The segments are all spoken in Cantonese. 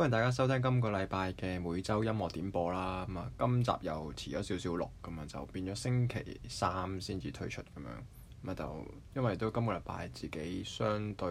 歡迎大家收聽今個禮拜嘅每周音樂點播啦。咁、嗯、啊，今集又遲咗少少錄，咁啊就變咗星期三先至推出咁樣。咁啊就因為都今個禮拜自己相對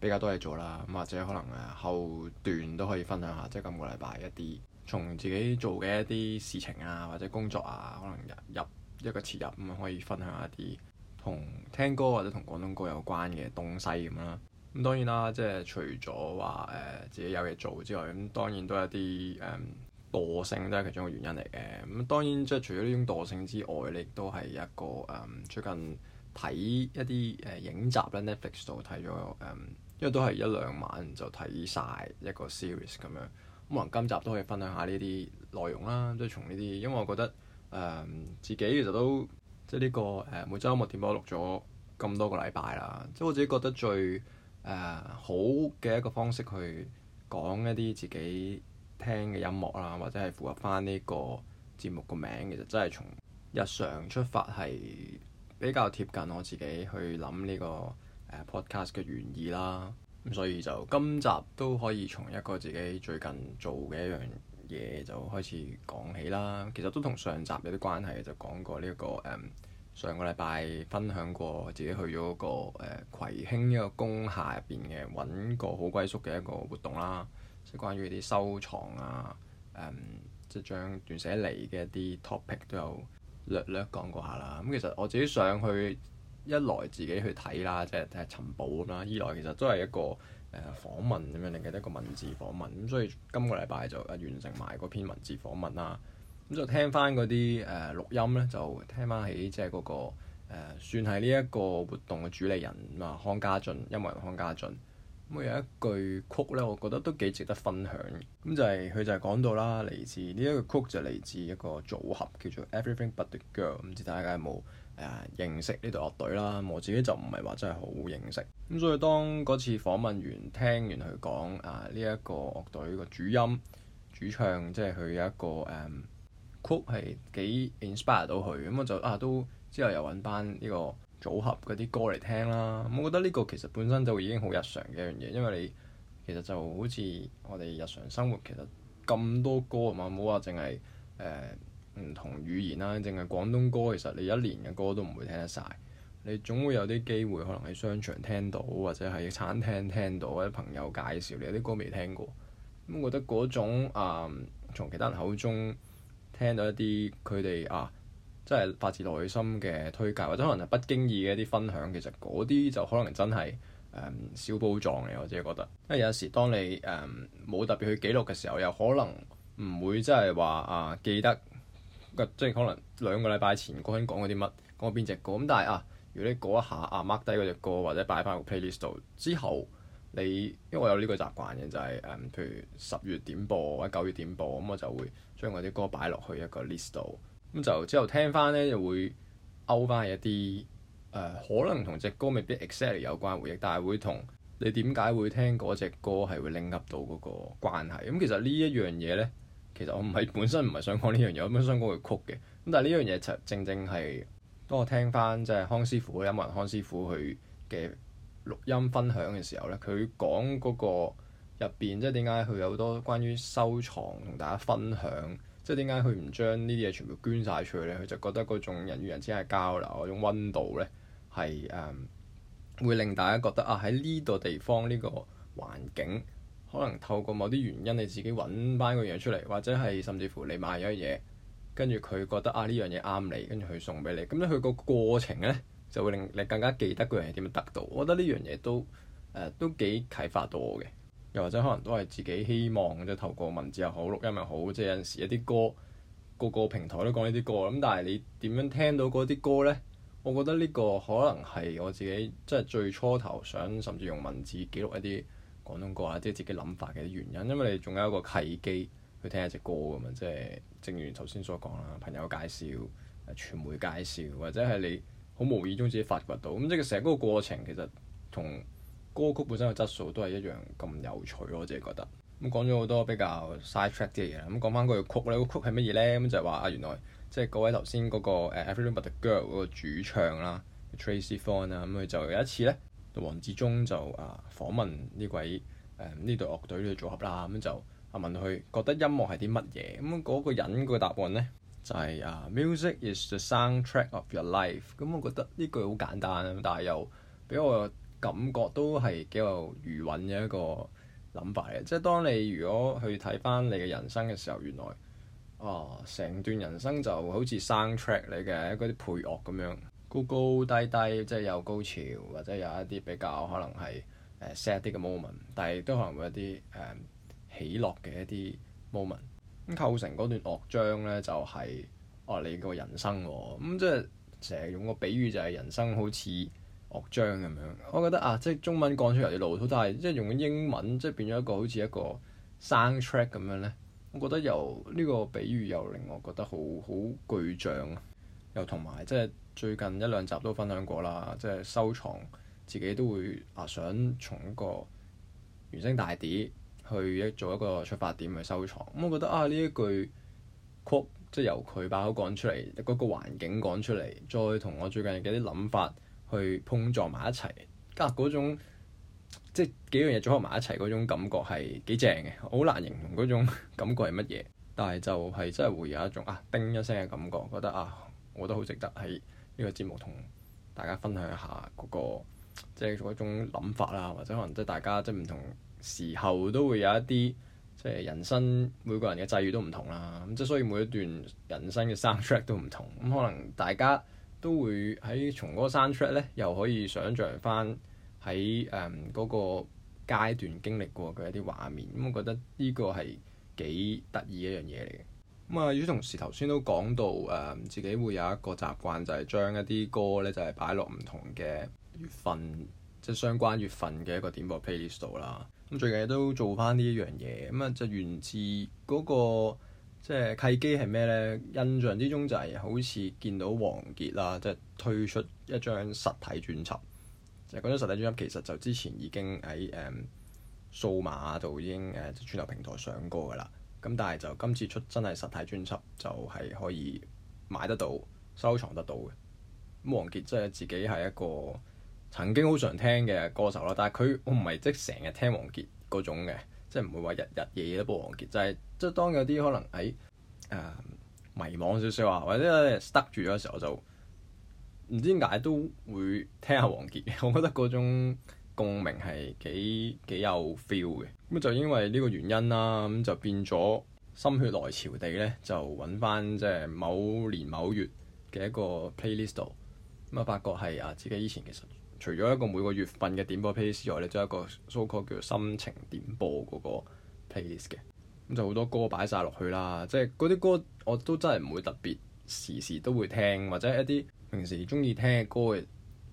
比較多嘢做啦。咁或者可能後段都可以分享下，即係今個禮拜一啲從自己做嘅一啲事情啊，或者工作啊，可能入一個切入咁可以分享一啲同聽歌或者同廣東歌有關嘅東西咁啦。咁當然啦，即係除咗話誒自己有嘢做之外，咁當然都係一啲誒、嗯、惰性都係其中一個原因嚟嘅。咁當然即係除咗呢種惰性之外，你都係一個誒、嗯、最近睇一啲誒影集咧，Netflix 度睇咗誒，因為都係一兩晚就睇晒一個 series 咁樣。咁、嗯、可能今集都可以分享下呢啲內容啦，即係從呢啲，因為我覺得誒、嗯、自己其實都即係、這、呢個誒、呃，每週音樂點播錄咗咁多個禮拜啦，即係我自己覺得最誒、uh, 好嘅一個方式去講一啲自己聽嘅音樂啦，或者係符合翻呢個節目個名，其實真係從日常出發係比較貼近我自己去諗呢個誒、uh, podcast 嘅原意啦。咁所以就今集都可以從一個自己最近做嘅一樣嘢就開始講起啦。其實都同上集有啲關係，就講過呢個、um, 上個禮拜分享過自己去咗、嗰個誒、呃、葵興一個工廈入邊嘅搵個好歸宿嘅一個活動啦，即係關於啲收藏啊，誒、嗯、即係將段寫嚟嘅一啲 topic 都有略略講過下啦。咁、嗯、其實我自己上去一來自己去睇啦，即係睇尋寶咁啦；二來其實都係一個誒、呃、訪問咁樣，另一個文字訪問。咁所以今個禮拜就完成埋嗰篇文字訪問啦。咁就聽翻嗰啲誒錄音咧，就聽翻起即係嗰個、呃、算係呢一個活動嘅主理人嘛，康家俊，因為係康家俊。咁有一句曲咧，我覺得都幾值得分享。咁就係、是、佢就係講到啦，嚟自呢一、這個、句曲就嚟自一個組合叫做 Everything But the Girl。唔知大家有冇誒、呃、認識呢隊樂隊啦？我自己就唔係話真係好認識。咁所以當嗰次訪問完聽完佢講啊，呢、呃、一、這個樂隊個主音主唱，即係佢有一個誒。呃曲係幾 inspire 到佢，咁我就啊，都之後又揾翻呢個組合嗰啲歌嚟聽啦。我覺得呢個其實本身就已經好日常嘅一樣嘢，因為你其實就好似我哋日常生活其實咁多歌啊嘛，冇話淨係誒唔同語言啦，淨係廣東歌，其實你一年嘅歌都唔會聽得晒，你總會有啲機會可能喺商場聽到，或者喺餐廳聽到，或者朋友介紹你有啲歌未聽過咁，我覺得嗰種啊、呃，從其他人口中。聽到一啲佢哋啊，即係發自內心嘅推介，或者可能係不經意嘅一啲分享，其實嗰啲就可能真係誒小寶藏嚟。我只係覺、嗯、覺得，因為有時當你誒冇、嗯、特別去記錄嘅時候，又可能唔會即係話啊記得啊即係可能兩個禮拜前嗰陣講過啲乜，講邊隻歌咁。但係啊，如果你過一下啊 mark 低嗰隻歌，或者擺返個 playlist 度之後。你因為我有呢個習慣嘅就係、是、誒、嗯，譬如十月點播或者九月點播，咁、嗯、我就會將我啲歌擺落去一個 list 度，咁、嗯、就之後聽翻咧就會勾翻一啲誒、呃、可能同隻歌未必 exactly 有關回憶，但係會同你點解會聽嗰隻歌係會 link 到嗰個關係。咁、嗯、其實一呢一樣嘢咧，其實我唔係本身唔係想講呢樣嘢，我本身想講佢曲嘅，咁但係呢樣嘢就正正係當我聽翻即係康師傅嘅音韻，康師傅佢嘅。錄音分享嘅時候呢，佢講嗰個入邊，即係點解佢有好多關於收藏同大家分享，即係點解佢唔將呢啲嘢全部捐晒出去呢？佢就覺得嗰種人與人之間嘅交流嗰種温度呢，係誒、um，會令大家覺得啊，喺呢度地方呢、呢個環境，可能透過某啲原因你自己揾翻個嘢出嚟，或者係甚至乎你買咗嘢，跟住佢覺得啊呢樣嘢啱你，跟住佢送俾你，咁咧佢個過程呢。就會令你更加記得嗰人係點樣得到。我覺得呢樣嘢都誒、呃、都幾啟發到我嘅，又或者可能都係自己希望即係透過文字又好錄音又好，即係有陣時一啲歌個個平台都講呢啲歌咁，但係你點樣聽到嗰啲歌呢？我覺得呢個可能係我自己即係最初頭想甚至用文字記錄一啲廣東歌啊，即係自己諗法嘅原因，因為你仲有一個契機去聽一隻歌啊嘛，即係正如頭先所講啦，朋友介紹、誒傳媒介紹，或者係你。好無意中自己發掘到，咁即係成個過程其實同歌曲本身嘅質素都係一樣咁有趣咯，我自己覺得。咁講咗好多比較 side track 啲嘅嘢，咁講翻嗰個曲咧，個曲係乜嘢咧？咁就係話啊，原來即係、就是、各位頭先嗰個 e v e r y b But The Girl》嗰個主唱啦，Tracy f a w n 啊，咁佢就有一次咧，黃志忠就啊、呃、訪問呢位誒呢、呃、隊樂隊呢個組合啦，咁就啊問佢覺得音樂係啲乜嘢，咁嗰個人個答案咧。就係、啊、music is the soundtrack of your life。咁、嗯、我覺得呢句好簡單，但係又俾我感覺都係幾有餘韻嘅一個諗法嘅。即係當你如果去睇翻你嘅人生嘅時候，原來啊，成段人生就好似 soundtrack 你嘅，嗰啲配樂咁樣高高低低，即係有高潮或者有一啲比較可能係誒、uh, sad 啲嘅 moment，但係都可能會一啲誒、um, 喜樂嘅一啲 moment。咁構成嗰段樂章咧，就係、是、啊你個人生喎，咁、嗯、即係成日用個比喻就係人生好似樂章咁樣。我覺得啊，即係中文講出嚟啲老土，但係即係用緊英文即係變咗一個好似一個 soundtrack 咁樣咧。我覺得由呢、這個比喻又令我覺得好好具象，又同埋即係最近一兩集都分享過啦，即係收藏自己都會啊想從一個原聲大碟。去一做一個出發點去收藏，咁、嗯、我覺得啊呢一句曲、呃，即係由佢把口講出嚟，嗰、嗰個環境講出嚟，再同我最近嘅啲諗法去碰撞埋一齊，啊嗰種即係幾樣嘢組合埋一齊嗰種感覺係幾正嘅，好難形容嗰種感覺係乜嘢，但係就係真係會有一種啊叮一聲嘅感覺，覺得啊我都好值得喺呢個節目同大家分享一下嗰、嗰個即係一種諗法啦，或者可能即係大家即係唔同，時候都會有一啲即係人生每個人嘅際遇都唔同啦，咁即係所以每一段人生嘅山 track 都唔同，咁可能大家都會喺從嗰個山 track 咧，又可以想像翻喺誒嗰個階段經歷過嘅一啲畫面，咁、嗯、我覺得呢個係幾得意一樣嘢嚟嘅。咁、嗯、啊，與同時頭先都講到誒、嗯，自己會有一個習慣，就係、是、將一啲歌咧，就係擺落唔同嘅月份。即係相關月份嘅一個點播 playlist 度啦，咁最近都做翻呢一樣嘢，咁啊就源自嗰、那個即係、就是、契機係咩呢？印象之中就係好似見到王傑啦，即、就、係、是、推出一張實體專輯。就嗰、是、張實體專輯其實就之前已經喺誒、um, 數碼度已經誒即係串流平台上過㗎啦，咁但係就今次出真係實體專輯就係可以買得到、收藏得到嘅。咁王傑真係自己係一個。曾經好常聽嘅歌手啦，但係佢我唔係即成日聽王傑嗰種嘅，即係唔會話日日夜夜都播王傑。就係、是、即係當有啲可能喺誒、哎啊、迷惘少少啊，或者咧、啊、stuck 住嗰時候，就唔知點解都會聽下王傑。我覺得嗰種共鳴係幾幾有 feel 嘅。咁就因為呢個原因啦，咁就變咗心血來潮地咧，就揾翻即係某年某月嘅一個 playlist 度，咁啊發覺係啊自己以前嘅。實～除咗一個每個月份嘅點播 playlist 之外，咧仲有一個 so called 叫做心情點播嗰個 playlist 嘅，咁就好多歌擺晒落去啦。即係嗰啲歌我都真係唔會特別時時都會聽，或者一啲平時中意聽嘅歌嘅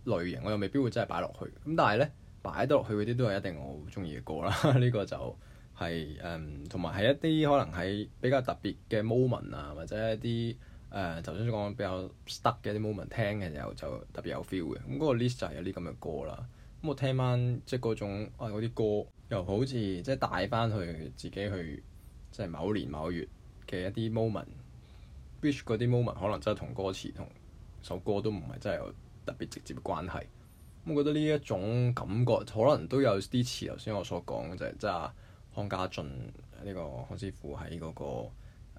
類型，我又未必會真係擺落去。咁但係咧擺得落去嗰啲都係一定我中意嘅歌啦。呢 個就係、是、誒，同埋係一啲可能係比較特別嘅 moment 啊，或者一啲。誒頭先講比較 stuck 嘅啲 moment 聽嘅時候就特別有 feel 嘅，咁、嗯、嗰、嗰個 list 就係有啲咁嘅歌啦。咁、嗯、我聽翻即係嗰種啊嗰啲歌，又好似即係帶翻去自己去即係某年某月嘅一啲 moment，which 嗰啲 moment 可能真係同歌詞同首歌都唔係真係有特別直接嘅關係。咁、嗯、我覺得呢一種感覺可能都有啲似頭先我所講就係即係康家俊呢、呢個康師傅喺嗰、嗰個。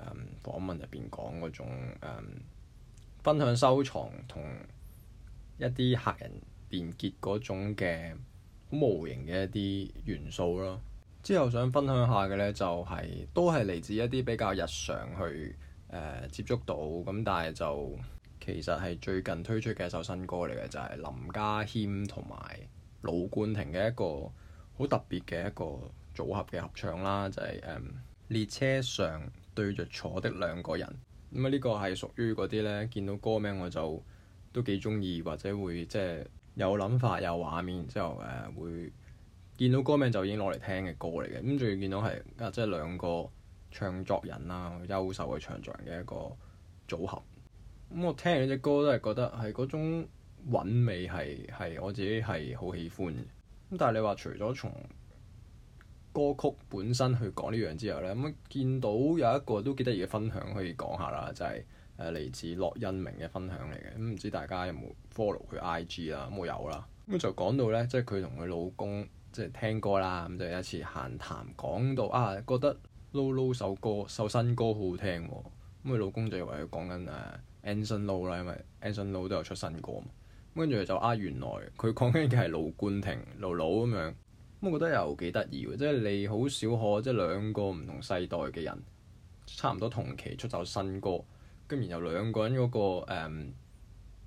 嗯，訪問入邊講嗰種、嗯、分享收藏同一啲客人連結嗰種嘅好無形嘅一啲元素咯。之後想分享下嘅呢、就是，就係都係嚟自一啲比較日常去誒、嗯、接觸到咁、嗯，但係就其實係最近推出嘅一首新歌嚟嘅，就係、是、林家謙同埋盧冠廷嘅一個好特別嘅一個組合嘅合唱啦，就係、是、誒、嗯、列車上對着坐的兩個人，咁啊呢個係屬於嗰啲呢。見到歌名我就都幾中意，或者會即係有諗法，有畫面，之後誒會見到歌名就已經攞嚟聽嘅歌嚟嘅。咁仲要見到係即係兩個唱作人啦，啊，優秀嘅唱作人嘅一個組合。咁、嗯、我聽呢隻歌都係覺得係嗰種韻味，係係我自己係好喜歡。咁但係你話除咗從歌曲本身去講呢樣之後呢，咁見到有一個都幾得意嘅分享可以講下啦，就係誒嚟自樂恩明嘅分享嚟嘅，咁唔知大家有冇 follow 佢 IG 啦？冇有啦，咁就講到呢，即係佢同佢老公即係聽歌啦，咁就一次閒談講到啊，覺得 Lou Lou 首歌首新歌好好聽喎、哦，咁佢老公就以為佢講緊誒 Anson Lo 啦，因為 Anson Lo 都有出新歌嘛，跟住就啊原來佢講緊嘅係盧冠廷 Lou Lou 咁樣。咁我覺得又幾得意喎，即係你好少可即係兩個唔同世代嘅人，差唔多同期出咗新歌，咁然後兩個人嗰、那個誒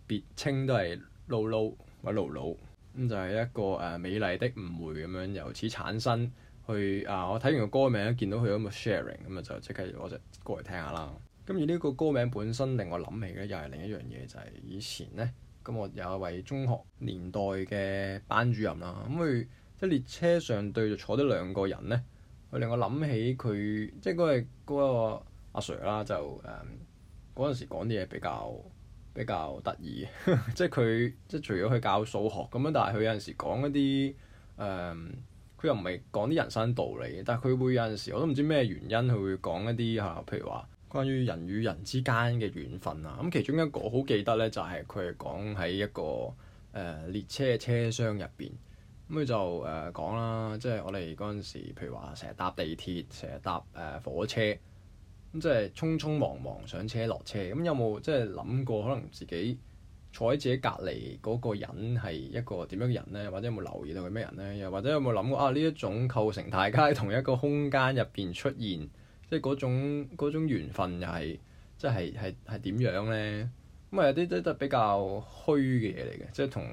別稱都係露露或者露露，咁就係、是、一個誒、呃、美麗的誤會咁樣由此產生去。去啊，我睇完個歌名咧，見到佢咁嘅 sharing，咁、嗯、啊就即刻我就過嚟聽下啦。咁、嗯、而呢個歌名本身令我諗起嘅又係另一樣嘢，就係、是、以前呢。咁，我有一位中學年代嘅班主任啦，咁、嗯、佢。即係列車上對坐啲兩個人呢，佢令我諗起佢，即係嗰、那個阿、啊、Sir 啦，就誒嗰陣時講啲嘢比較比較得意 即係佢即係除咗佢教數學咁樣，但係佢有陣時講一啲佢、嗯、又唔係講啲人生道理，但係佢會有陣時我都唔知咩原因，佢會講一啲嚇，譬如話關於人與人之間嘅緣分啊。咁、嗯、其中一個我好記得呢，就係佢係講喺一個誒、嗯、列車車廂入邊。咁就誒、呃、講啦，即係我哋嗰陣時，譬如話成日搭地鐵，成日搭誒、呃、火車，咁即係匆匆忙忙上車落車。咁有冇即係諗過可能自己坐喺自己隔離嗰個人係一個點樣嘅人呢？或者有冇留意到佢咩人呢？又或者有冇諗過啊？呢一種構成大家喺同一個空間入邊出現，即係嗰種嗰種緣分又係即係係係點樣呢？咁啊有啲都都比較虛嘅嘢嚟嘅，即係同。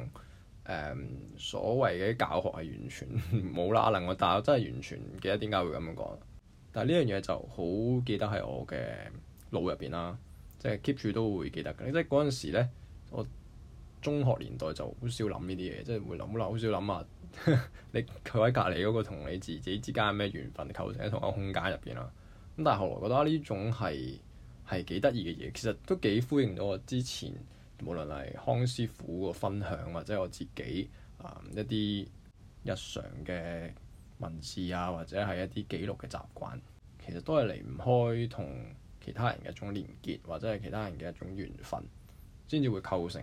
誒、um, 所謂嘅教學係完全冇啦啦，我但係我真係完全唔記得點解會咁樣講。但係呢樣嘢就好記得喺我嘅腦入邊啦，即係 keep 住都會記得嘅。即係嗰陣時咧，我中學年代就好少諗呢啲嘢，即係會諗啦好少諗啊，你佢喺隔離嗰個同你自己，自己之間咩緣分構成喺同一空間入邊啦。咁但係後來覺得呢種係係幾得意嘅嘢，其實都幾呼應到我之前。無論係康師傅個分享，或者我自己啊、呃、一啲日常嘅文字啊，或者係一啲記錄嘅習慣，其實都係離唔開同其他人嘅一種連結，或者係其他人嘅一種緣分，先至會構成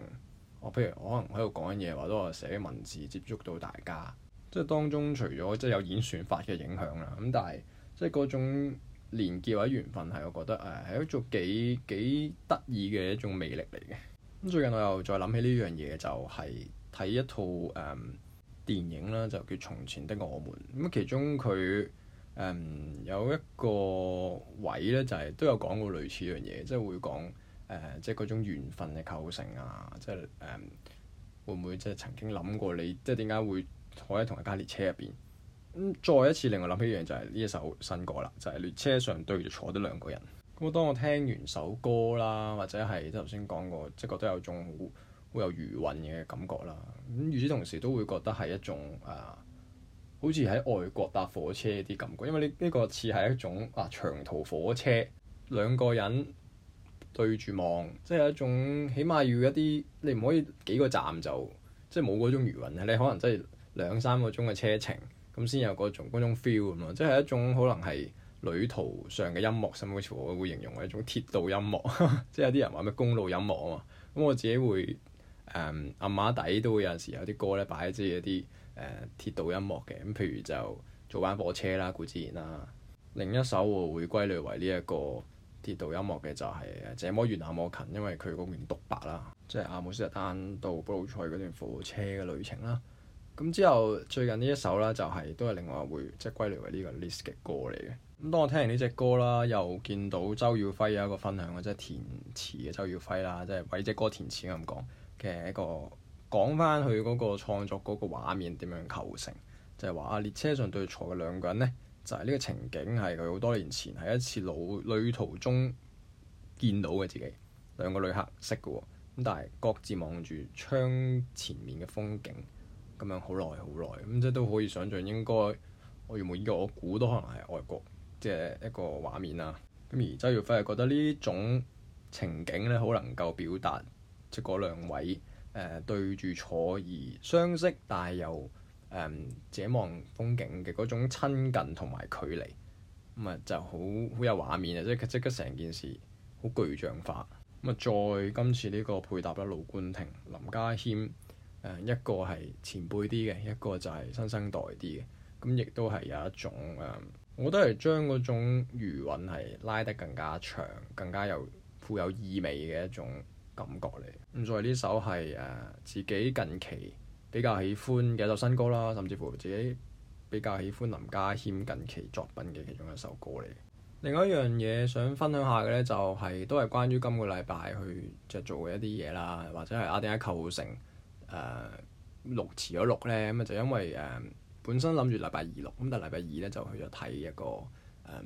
我。譬如我可能喺度講緊嘢，或者我寫文字，接觸到大家，即係當中除咗即係有演算法嘅影響啦。咁但係即係嗰種連結或者緣分係，我覺得誒係、呃、一種幾幾得意嘅一種魅力嚟嘅。最近我又再諗起呢樣嘢，就係、是、睇一套誒、嗯、電影啦，就叫《從前的我們》。咁其中佢誒、嗯、有一個位咧，就係、是、都有講過類似樣嘢，即、就、係、是、會講誒即係嗰種緣分嘅構成啊，即係誒會唔會即係曾經諗過你即係點解會坐喺同一間列車入邊？咁、嗯、再一次令我諗起一樣就係呢一首新歌啦，就係、是、列車上對著坐的兩個人。咁我當我聽完首歌啦，或者係頭先講過，即係覺得有種好有餘韻嘅感覺啦。咁與此同時都會覺得係一種啊，好似喺外國搭火車啲感覺，因為呢呢個似係一種啊長途火車，兩個人對住望，即係一種起碼要一啲，你唔可以幾個站就即係冇嗰種餘韻，你可能真係兩三個鐘嘅車程，咁先有嗰種嗰種 feel 咁咯，即係一種可能係。旅途上嘅音樂，甚至乎我會形容為一種鐵道音樂，呵呵，即係有啲人話咩公路音樂啊嘛。咁我自己會誒、嗯、暗碼底都會有陣時有啲歌咧擺喺自己，即係一啲誒鐵道音樂嘅。咁譬如就做班火車啦，古茲然啦、啊。另一首會歸類為呢一個鐵道音樂嘅就係、是《這麼遠那麼近》，因為佢嗰段獨白啦，即、就、係、是、阿姆斯特丹到布魯塞爾嗰段火車嘅旅程啦。咁之後，最近呢一首啦，就係、是、都係另外會即係、就是、歸類為呢個 list 嘅歌嚟嘅。咁當我聽完呢隻歌啦，又見到周耀輝有一個分享，即係填詞嘅周耀輝啦，即係為隻歌填詞咁講嘅一個講返佢嗰個創作嗰個畫面點樣構成，就係話啊，列車上對坐嘅兩個人呢，就係、是、呢個情景係佢好多年前喺一次路旅途中見到嘅自己兩個旅客識嘅咁，但係各自望住窗前面嘅風景。咁樣好耐好耐，咁即係都可以想象應該，我原本依個我估都可能係外國嘅一個畫面啦、啊。咁而周耀輝係覺得呢種情景咧，好能夠表達即係嗰兩位誒、呃、對住坐而相識，但係又誒、呃、自己望風景嘅嗰種親近同埋距離，咁啊就好、是、好有畫面啊！即係佢即刻成件事好具象化。咁啊，再今次呢個配搭咧，盧冠廷、林家謙。一個係前輩啲嘅，一個就係新生代啲嘅，咁亦都係有一種誒、嗯，我覺得係將嗰種餘韻係拉得更加長、更加有富有意味嘅一種感覺嚟。咁、嗯、所以呢首係誒、啊、自己近期比較喜歡嘅一首新歌啦，甚至乎自己比較喜歡林家謙近期作品嘅其中一首歌嚟。另外一樣嘢想分享下嘅呢、就是，就係都係關於今個禮拜去即係做嘅一啲嘢啦，或者係阿丁家構成，誒六、呃、遲咗錄咧，咁就因為誒、呃、本身諗住禮拜二錄，咁但禮拜二咧就去咗睇一個誒、呃、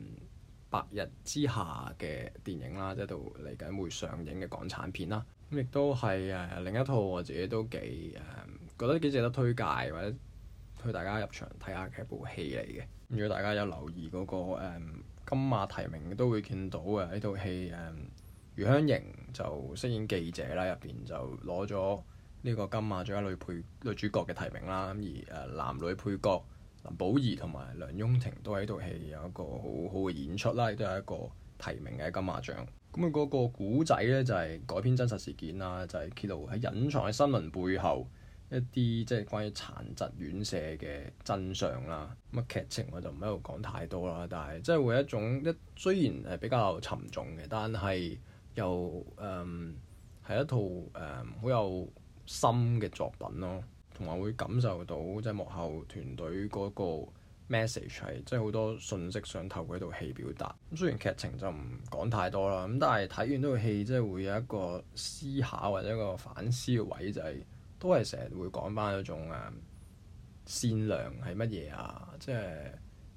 白日之下嘅電影啦，即係度嚟緊會上映嘅港產片啦。咁、嗯、亦都係誒、呃、另一套我自己都幾誒、呃、覺得幾值得推介或者去大家入場睇下嘅一部戲嚟嘅。如果大家有留意嗰、那個金馬、呃、提名都會見到啊，呢套戲誒余、呃、香凝就飾演記者啦，入邊就攞咗呢個金馬獎女配女主角嘅提名啦，咁而誒男女配角林保怡同埋梁雍婷都喺套戲有一個好好嘅演出啦，亦都有一個提名嘅金馬獎。咁啊嗰個故仔呢，就係、是、改編真實事件啦，就係、是、揭露喺隱藏喺新聞背後一啲即係關於殘疾院舍嘅真相啦。咁、那、啊、個、劇情我就唔喺度講太多啦，但係即係會一種一雖然係比較沉重嘅，但係又誒係、嗯、一套誒、嗯、好有深嘅作品咯，同埋會感受到即係、就是、幕後團隊嗰個 message 係即係、就、好、是、多信息上透過呢套戲表達。咁雖然劇情就唔講太多啦，咁但係睇完呢套戲即係、就是、會有一個思考或者一個反思嘅位、就是啊啊，就係都係成日會講翻一種誒善良係乜嘢啊？即係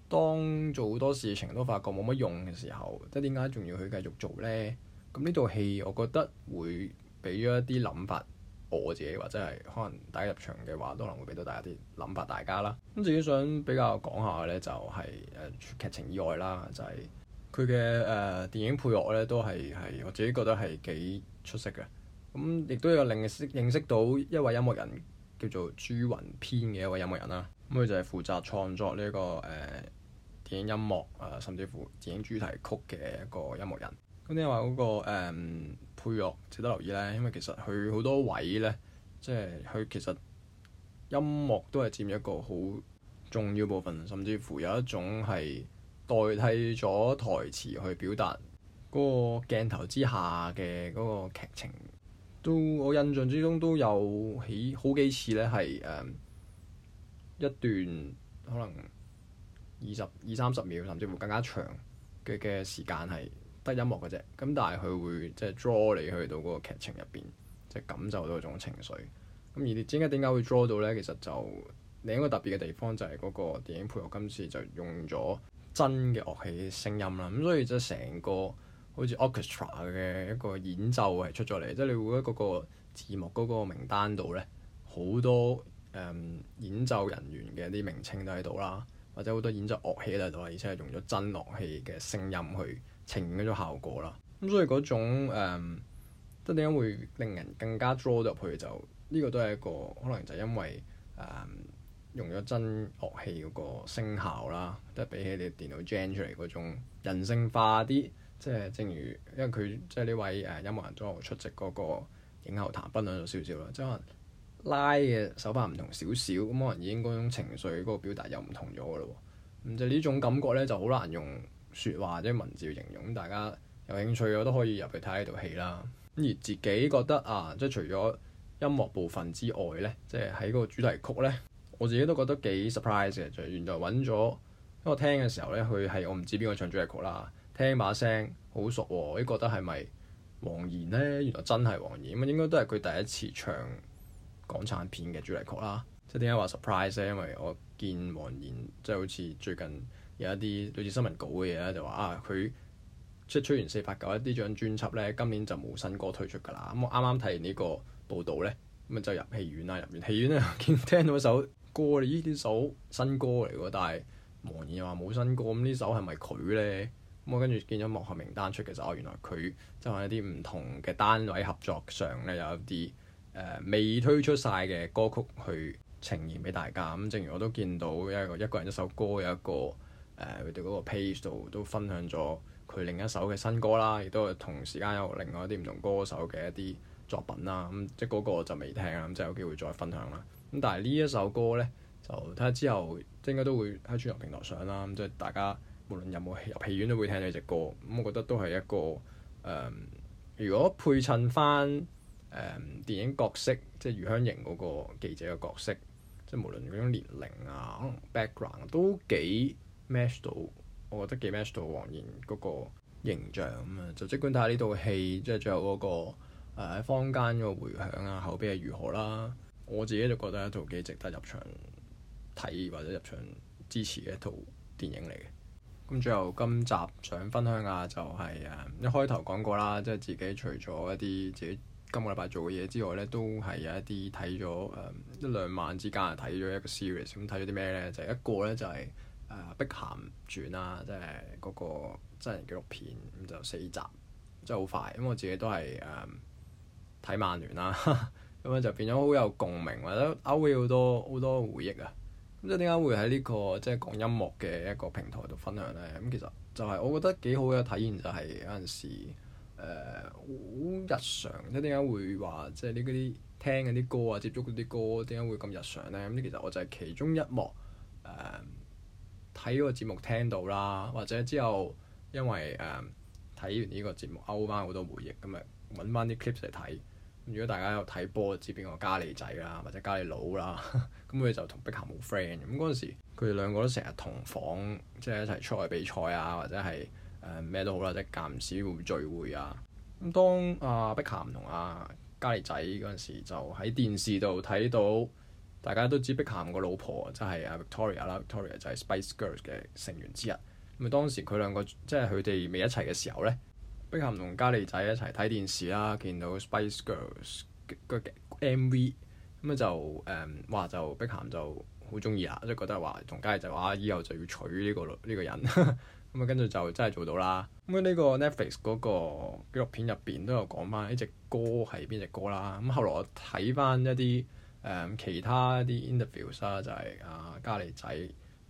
當做好多事情都發覺冇乜用嘅時候，即係點解仲要去繼續做呢？咁呢套戲我覺得會俾咗一啲諗法。我自己或者係可能大家入場嘅話，都可能會俾到大家啲諗法，大家啦。咁自己想比較講下咧、就是，就係誒劇情以外啦，就係佢嘅誒電影配樂咧，都係係我自己覺得係幾出色嘅。咁亦都有另識認識到一位音樂人叫做朱芸編嘅一位音樂人啦。咁佢就係負責創作呢、這個誒、呃、電影音樂啊，甚至乎電影主題曲嘅一個音樂人。咁你話嗰、那個誒、嗯、配樂值得留意咧，因為其實佢好多位咧，即係佢其實音樂都係佔一個好重要部分，甚至乎有一種係代替咗台詞去表達嗰個鏡頭之下嘅嗰個劇情。都我印象之中都有起好幾次咧，係誒、嗯、一段可能二十二三十秒，甚至乎更加長嘅嘅時間係。得音樂嘅啫，咁但係佢會即係 draw 你去到嗰個劇情入邊，即係感受到一種情緒。咁而你點解點解會 draw 到咧？其實就另一個特別嘅地方就係嗰個電影配樂今次就用咗真嘅樂器聲音啦。咁所以即係成個好似 orchestra 嘅一個演奏係出咗嚟，即係你會覺得嗰個字幕嗰個名單度咧，好多誒、um, 演奏人員嘅啲名稱都喺度啦，或者好多演奏樂器都喺度，啦，而且係用咗真樂器嘅聲音去，呈現嗰種效果啦，咁、嗯、所以嗰種誒，即點解會令人更加 draw 入去就呢、這個都係一個可能就係因為誒、嗯、用咗真樂器嗰個聲效啦，即係比起你電腦 jam 出嚟嗰種人性化啲，即、就、係、是、正如因為佢即係呢位誒、嗯、音樂人中學出席嗰個影後談，分享咗少少啦，即可能拉嘅手法唔同少少，咁、嗯、可能已經嗰種情緒嗰個表達又唔同咗嘅咯喎，咁、嗯、就呢種感覺咧就好難用。說話或者文字嚟形容，大家有興趣，我都可以入去睇呢套戲啦。咁而自己覺得啊，即係除咗音樂部分之外呢，即係喺嗰個主題曲呢，我自己都覺得幾 surprise 嘅，就是、原來揾咗。因為我聽嘅時候呢，佢係我唔知邊個唱主題曲啦，聽把聲好熟喎、啊，我覺得係咪黃妍呢？原來真係黃妍，咁應該都係佢第一次唱港產片嘅主題曲啦。即係點解話 surprise 咧？因為我見黃妍即係好似最近。有一啲類似新聞稿嘅嘢咧，就話啊，佢出出完四百九呢張專輯咧，今年就冇新歌推出㗎啦。咁我啱啱睇完呢個報道咧，咁就入戲院啦，入完戲院咧，見 聽到一首歌嚟，呢首新歌嚟喎，但係茫然又話冇新歌，咁呢首係咪佢咧？咁我跟住見咗幕後名單出嘅時候，原來佢即係一啲唔同嘅單位合作上咧，有一啲誒、呃、未推出晒嘅歌曲去呈現俾大家。咁正如我都見到一個一個，一個人一首歌有一個。誒佢哋嗰個 page 度都分享咗佢另一首嘅新歌啦，亦都係同時間有另外一啲唔同歌手嘅一啲作品啦。咁即嗰個就未聽啊，咁即有機會再分享啦。咁但係呢一首歌咧，就睇下之後應該都會喺主流平台上啦。咁即大家無論有冇入戲院都會聽到隻歌。咁我覺得都係一個誒、嗯，如果配襯翻誒、嗯、電影角色，即余香凝嗰個記者嘅角色，即無論嗰種年齡啊，可能 background、啊、都、都幾。match 到，m 我覺得幾 match 到黃言嗰個形象咁啊。就即管睇下呢套戲，即、就、係、是、最後嗰、那個、呃、坊間個迴響啊、口碑係如何啦。我自己就覺得一套幾值得入場睇或者入場支持嘅一套電影嚟嘅。咁最後今集想分享下、就是，就係誒一開頭講過啦，即、就、係、是、自己除咗一啲自己今個禮拜做嘅嘢之外呢都係有一啲睇咗誒一兩晚之間啊，睇咗一個 series。咁睇咗啲咩呢？就是、一個呢，就係、是。誒《碧咸傳》啦，即係嗰個真人紀錄片，咁就四集，即係好快。因為我自己都係誒睇曼聯啦，咁、嗯、樣就變咗好有共鳴，或者勾起好多好多回憶啊。咁、這個、即係點解會喺呢個即係講音樂嘅一個平台度分享咧？咁其實就係我覺得幾好嘅體驗，就係有陣時誒好日常。即係點解會話即係呢嗰啲聽嗰啲歌啊，接觸嗰啲歌點解會咁日常咧？咁呢其實我就係其中一幕誒。呃睇嗰個節目聽到啦，或者之後因為誒睇、呃、完呢個節目勾翻好多回憶，咁咪揾翻啲 clips 嚟睇。如果大家有睇波，知邊個加利仔啦，或者加利佬啦，咁佢就同碧咸好 friend。咁嗰陣時，佢哋兩個都成日同房，即係一齊出去比賽啊，或者係誒咩都好啦，即係間唔時會聚會啊。咁當阿、呃、碧咸同阿加利仔嗰陣時，就喺電視度睇到。大家都知碧咸個老婆就係、是、啊 Victoria 啦，Victoria 就係 Spice Girls 嘅成員之一。咁啊當時佢兩個即係佢哋未一齊嘅時候咧，碧咸同嘉利仔一齊睇電視啦，見到 Spice Girls 個 MV，咁啊就誒話、嗯、就碧咸就好中意啦，即係覺得話同嘉利仔話以後就要娶呢、這個呢、這個人。咁啊跟住就真係做到啦。咁啊呢個 Netflix 嗰個紀錄片入邊都有講翻呢隻歌係邊隻歌啦。咁後來我睇翻一啲。Um, 其他啲 interviews 啦、啊，就係、是、啊嘉利仔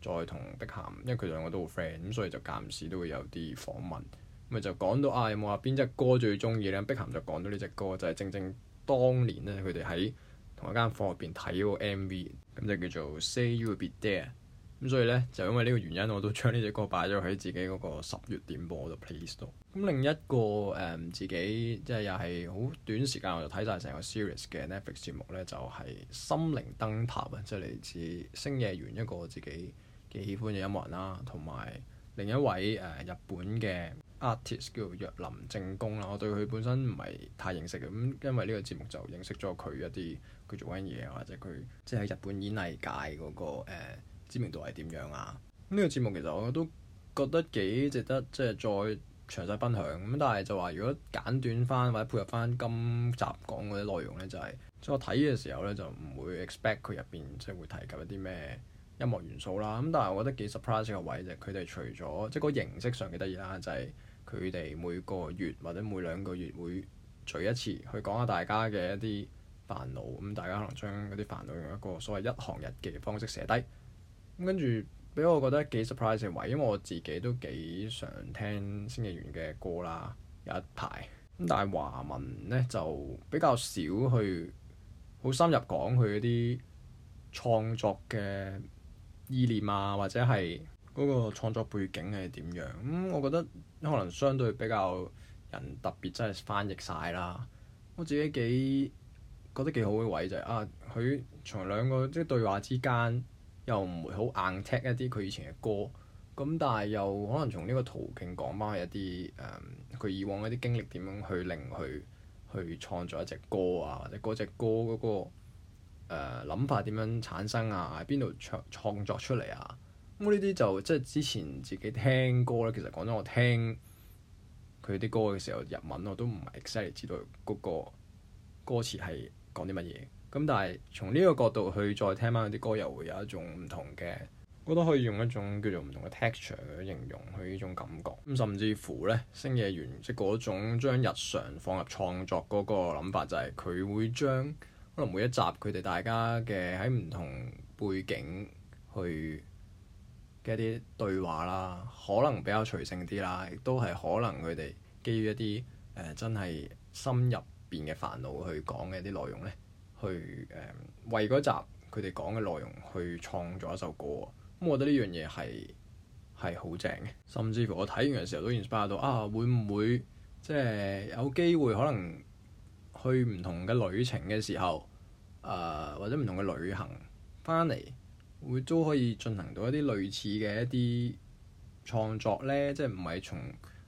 再同碧咸，因為佢哋兩個都好 friend，咁所以就暫時都會有啲訪問，咁咪就講到啊有冇話邊隻歌最中意呢？碧咸就講到呢隻歌就係、是、正正當年呢，佢哋喺同一間房入邊睇個 MV，咁就叫做 Say You'll Be There。咁所以咧，就因為呢個原因，我都將呢隻歌擺咗喺自己嗰個十月點播度 play 咗。咁、哦、另一個誒、嗯，自己即係又係好短時間，我就睇晒成個 series 嘅 Netflix 節目咧，就係、是《心靈燈塔》啊，即、就、係、是、來自星野源一個自己幾喜歡嘅音樂人啦。同埋另一位誒、呃、日本嘅 artist 叫做若林正恭啦，我對佢本身唔係太認識嘅。咁因為呢個節目就認識咗佢一啲佢做緊嘢，或者佢即係喺日本演藝界嗰、那個、呃知名度係點樣啊？呢、這個節目其實我都覺得幾值得，即係再詳細分享咁。但係就話如果簡短翻或者配合翻今集講嗰啲內容呢、就是，就係、是、即我睇嘅時候呢，就唔會 expect 佢入邊即係會提及一啲咩音樂元素啦。咁但係我覺得幾 surprise 嘅位就係佢哋除咗即係個形式上幾得意啦，就係佢哋每個月或者每兩個月會聚一次，去講下大家嘅一啲煩惱。咁大家可能將嗰啲煩惱用一個所謂一行日記嘅方式寫低。跟住，俾我覺得幾 surprise 嘅位，因為我自己都幾常聽星野源嘅歌啦，有一排。咁但係華文呢就比較少去，好深入講佢嗰啲創作嘅意念啊，或者係嗰個創作背景係點樣。咁、嗯、我覺得可能相對比較人特別，真係翻譯晒啦。我自己幾覺得幾好嘅位就係、是、啊，佢從兩個即係、就是、對話之間。又唔會好硬聽一啲佢以前嘅歌，咁但係又可能從呢個途徑講翻一啲誒佢以往一啲經歷點樣去令佢去創作一隻歌啊，或者嗰隻歌嗰、嗰個誒諗、呃、法點樣產生啊，喺邊度創創作出嚟啊？咁呢啲就即係之前自己聽歌咧，其實講真，我聽佢啲歌嘅時候，日文我都唔係 exactly 知道嗰、嗰個歌詞係講啲乜嘢。咁但係從呢個角度去再聽翻啲歌，又會有一種唔同嘅，我覺得可以用一種叫做唔同嘅 texture 去形容佢呢種感覺，咁甚至乎咧，星野源嗰種將日常放入創作嗰個諗法就，就係佢會將可能每一集佢哋大家嘅喺唔同背景去嘅一啲對話啦，可能比較隨性啲啦，亦都係可能佢哋基於一啲誒、呃、真係心入邊嘅煩惱去講嘅一啲內容咧。去誒、呃、為嗰集佢哋講嘅內容去創作一首歌啊、哦！咁我覺得呢樣嘢係係好正嘅，甚至乎我睇完嘅時候都 inspire 到啊！會唔會即係有機會可能去唔同嘅旅程嘅時候啊、呃，或者唔同嘅旅行翻嚟，會都可以進行到一啲類似嘅一啲創作咧？即係唔係從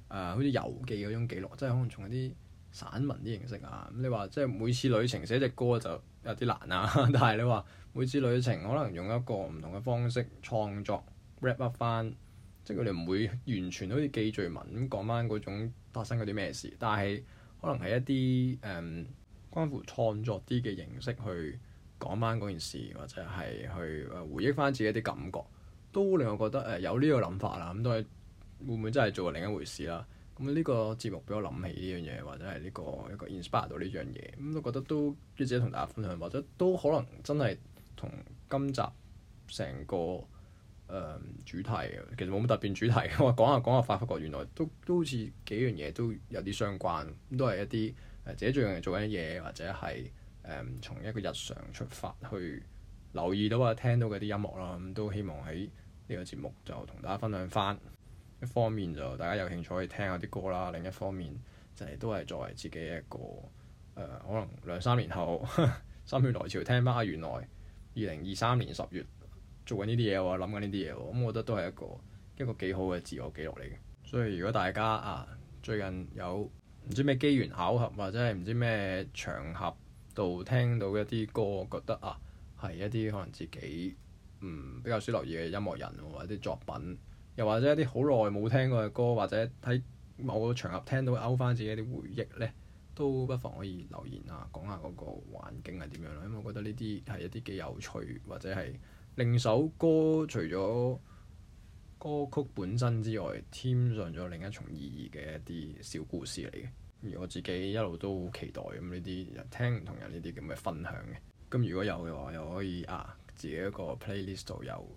啊、呃，好似遊記嗰種記錄，即係可能從一啲。散文啲形式啊，咁、嗯、你話即係每次旅程寫一隻歌就有啲難啊，但係你話每次旅程可能用一個唔同嘅方式創作 rap 翻，即係佢哋唔會完全好似記敘文咁講返嗰種發生嗰啲咩事，但係可能係一啲誒、嗯、關乎創作啲嘅形式去講返嗰件事，或者係去回憶返自己啲感覺，都令我覺得誒、呃、有呢個諗法啦。咁都係會唔會真係做另一回事啦？咁呢個節目俾我諗起呢樣嘢，或者係呢、這個一個 inspire 到呢樣嘢。咁都覺得都一直同大家分享，或者都可能真係同今集成個誒、呃、主題，其實冇乜特別主題。我講下講下發，發覺原來都都好似幾樣嘢都有啲相關，都係一啲自己最近做緊嘢，或者係誒從一個日常出發去留意到或者聽到嗰啲音樂啦。咁都希望喺呢個節目就同大家分享翻。一方面就大家有興趣可以聽下啲歌啦，另一方面就係都係作為自己一個誒、呃，可能兩三年後心血來潮聽翻啊，原來二零二三年十月做緊呢啲嘢喎，諗緊呢啲嘢，咁我覺得都係一個一個幾好嘅自我記錄嚟嘅。所以如果大家啊最近有唔知咩機緣巧合或者係唔知咩場合度聽到一啲歌，覺得啊係一啲可能自己嗯比較少留意嘅音樂人或者作品。又或者一啲好耐冇聽過嘅歌，或者喺某個場合聽到勾返自己啲回憶呢，都不妨可以留言啊，講下嗰個環境係點樣咯。因為我覺得呢啲係一啲幾有趣，或者係另一首歌除咗歌曲本身之外，添上咗另一重意義嘅一啲小故事嚟嘅。而我自己一路都好期待咁呢啲聽唔同人呢啲咁嘅分享嘅。咁如果有嘅話，又可以啊自己一個 playlist 度有，